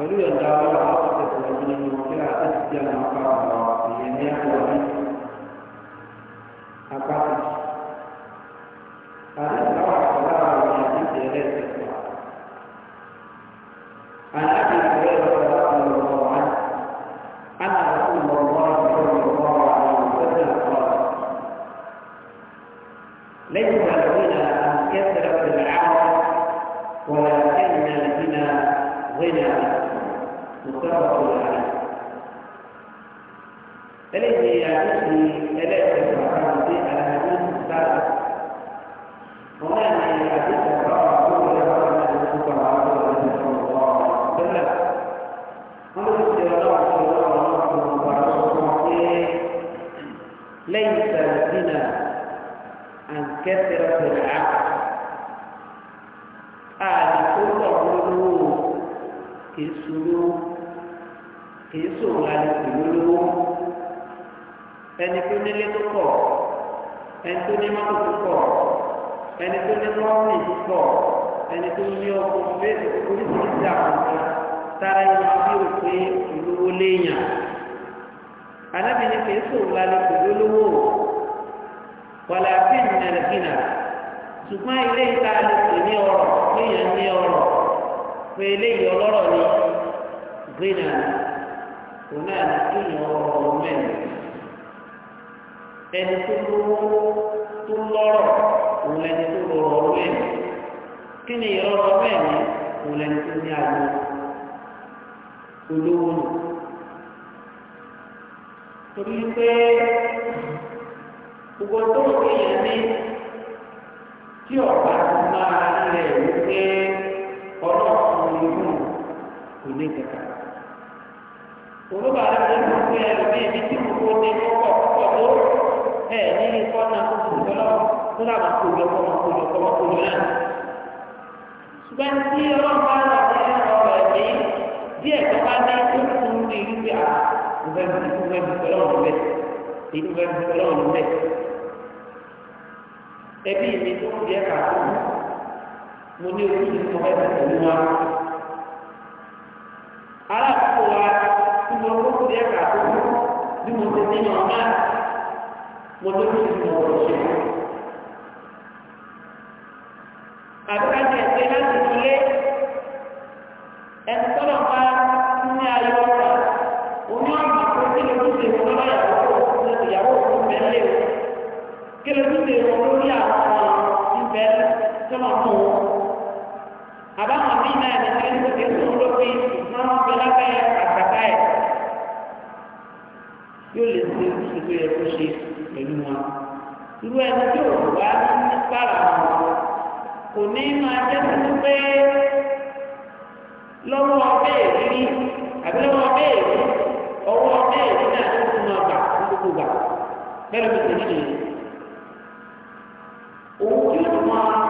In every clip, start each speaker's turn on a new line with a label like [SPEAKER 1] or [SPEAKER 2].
[SPEAKER 1] Lalu yang jauh lah, apa kesulitan yang mungkin ada setiap maka bahawa ini adalah apa? Ada eléyìí àti ẹlẹ́ẹ̀kẹ́ sọ̀rọ̀ sí àlàyé sáà wọn náà ní àti sọ̀rọ̀ àwọn ọmọdé wọn náà ní sọ̀rọ̀ àwọn ọmọdé wọn sọ̀rọ̀ bẹ́ẹ̀ wọn ló ti ọlọ́wọ́ sí ọlọ́wọ́ náà fún ọgbà ọ̀sán pé lẹ́yìn sàrẹ́sìnà àǹkẹ́sẹ̀rẹ́ sẹ̀rẹ̀ á àdìpọ̀ lọ́wọ́ kìí sùn lówó kìí sùn lálẹ́ pẹ̀lú lówó. ẹni tó nílé tó pọ̀ ẹni tó ní mọ́tò tó pọ̀ ẹni tó ní mọ́ọ̀nì tó pọ̀ ẹni tó ní ọkọ̀ fẹ́ẹ̀sì oríṣiríṣi àkọ́kọ́ sára ẹni bí o pé ìlówó léèyàn anábìnrin kìí sòwò lálẹ́ kò lólówó wàlá fíìmù nàìjíríà ṣùgbọ́n ilé ìta lè pè ní ọrọ̀ léèyàn ní ọrọ̀ pé eléyìí ọlọ́rọ̀ ni gbéná òun náà ní kéèyàn ọrọ̀ mẹ́rin ẹni tó lówó tó lọ́rọ̀ òun lẹni tó rọrọ̀ ọ̀rọ̀ ẹ̀ kí ni ìrọ̀rọ̀ bẹ́ẹ̀ ni òun lẹni tó ní àgbo olówó nù torí pé gbogbo tó ń kéèyàn ní tí ọ̀gá ti máa rẹ̀ wípé ọlọ́run ìlú kò ní kẹta. olùbàdàn tó ń gbé ẹlòmíì ní tí gbogbo ní púpọ̀ púpọ̀ tó ẹ nílé kọ́nà tó ti sọ lọ́wọ́ tó dàgbà kójọ kọ́mọ kójọ kọ́mọ kójọ náà. ṣùgbọ́n tí ọlọ́run bá lọ sí ọ̀rọ̀ ẹ̀mí díẹ̀ tó bá ní tó fún mi wípé à mo fẹ́ mo fẹ́ mi pẹ̀lú ọ̀rọ̀ bẹ́ẹ̀ èyí mo fẹ́ mi pẹ̀lú ọ̀rọ̀ bẹ́ẹ̀. ẹbí mi tó kù díẹ̀ kàkó mo ní ojú mi mo fẹ́ mi pẹ̀lú wa. aláàbò wa tí mo kó kù díẹ̀ kàkó bí mo ti mo tó ti mọ ọ̀rọ̀ ṣe. àbíkájẹ ẹsẹ láti ilé ẹni tọ́lọ̀ bá ní ayọ̀ ọ̀rọ̀ oní ọ̀nà tó kí ló tún lè wọ lọ́wọ́ ìyàwó ìyàwó òkú mẹ́lẹ́ o kí ló tún lè wọ lórí àwọn ọ̀rọ̀. irú ẹni tí ò wá ní pàrà wọn kò ní máa jẹ́ tuntun pé lọ́wọ́ béèrè rí àbí lọ́wọ́ béèrè ọwọ́ béèrè náà ló fún wọn gbà gbogbo gbà bẹ́ẹ̀ ló òun tí ó máa.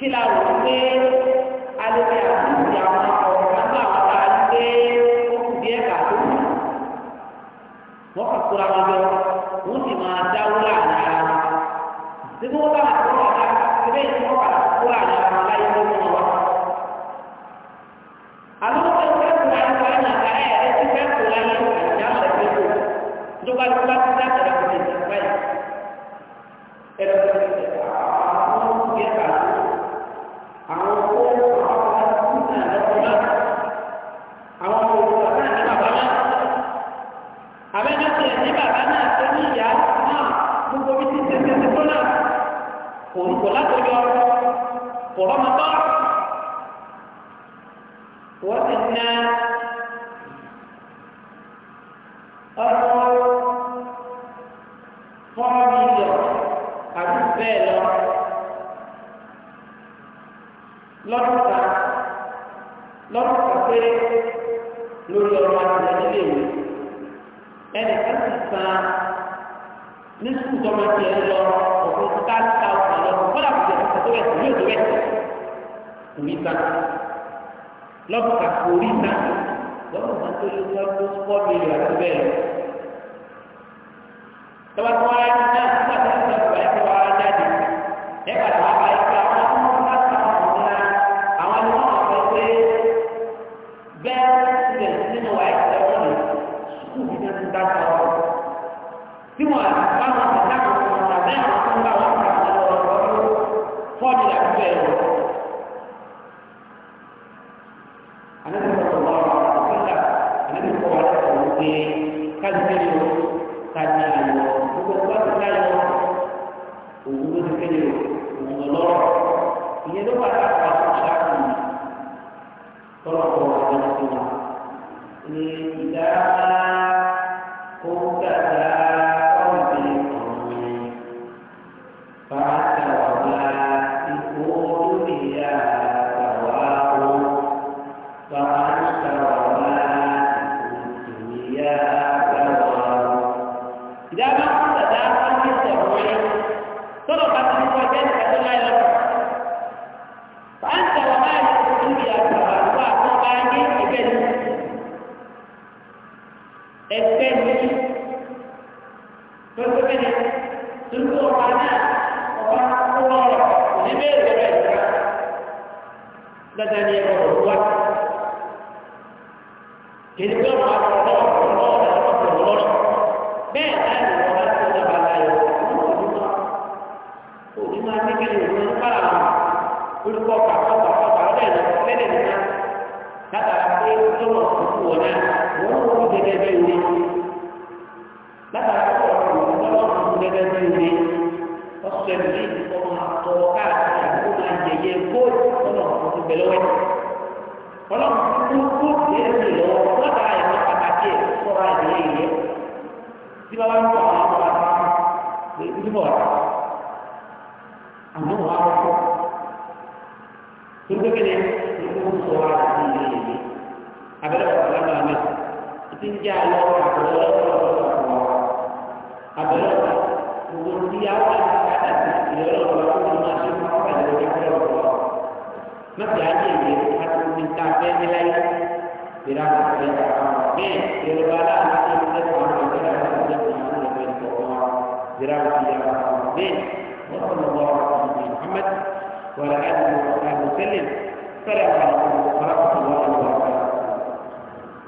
[SPEAKER 1] kí la wò ó pé alẹ́ àti àwọn ọ̀rọ̀ nígbà wọn bá rí pé ó kù díẹ̀ kà tó wọ́n kà kóra wọn jọ wọ́n sì máa dáwó láàrin ara wọn. nínú wọn bá wà tó wà ká ilé ìfowópamọ́ padà kó láàrin ara wọn láyé lórí wọn wá. àlọ́ wọn fẹ́ kó láyé wọn náà ká ẹ̀ ẹ́ ti fẹ́ kó láyé àti àwọn ẹgbẹ́ tó. ìjọba ìjọba ti dá ẹ̀rọ ìjọba ìjọba yìí. ẹ̀rọ ìjọba ورمضان وأن أمر فاضل أجبال لọ́pàá lọ́pàá pé lórí ọ̀rọ̀ àtìlẹ́yìn léwu ẹnì kan ti san ní sùkúù tó máa tiẹ̀ lọ oríta lọ́pàá oríta lọ́pàá tó lé wọ́n tó pọ́ mi rẹ̀ àti bẹ́ẹ̀ lọ́pàá tó wáyé níta. ìyẹn ló padà wà fún ṣáàtì mi tọ́lọ̀kọ̀ wà lọ́sí wa ní ìdá kó dàda ọ̀gbìn ọ̀gbìn bá a ta wà wá ipò olóyè yára.
[SPEAKER 2] látara pé ọlọ́wọ́ òkú ọ̀nà wọ́n ń wọ́n
[SPEAKER 1] gẹ́gẹ́ bẹ́ẹ̀ ni látara pé gẹ́gẹ́ bí omi ọ̀sẹ̀ mi ọmọ àtọ̀ káàkiri àgbo máa yẹyẹ góòlù ọ̀nà ọ̀tún bẹ̀rẹ̀ wẹ̀. ọlọ́run kú kú yẹn ti lọ lọ́dà ẹ̀rọ pàtàkì ẹ̀ sọ́ra ìdílé yìí tí bá wà ń tọ̀ àwọn ọmọ àti àwọn ìdúbọ̀ àmọ́ wọn á wọ́pọ̀ tó gbẹ́gbẹ́ ni wọ́n sọ wá àti ìdílé yìí abẹ́rẹ́ wà lábàá náà ìdí ń jẹ́ àlọ́ wà. وصلى الله على نبينا محمد وعلى اله وصحبه وسلم السلام عليكم الله وبركاته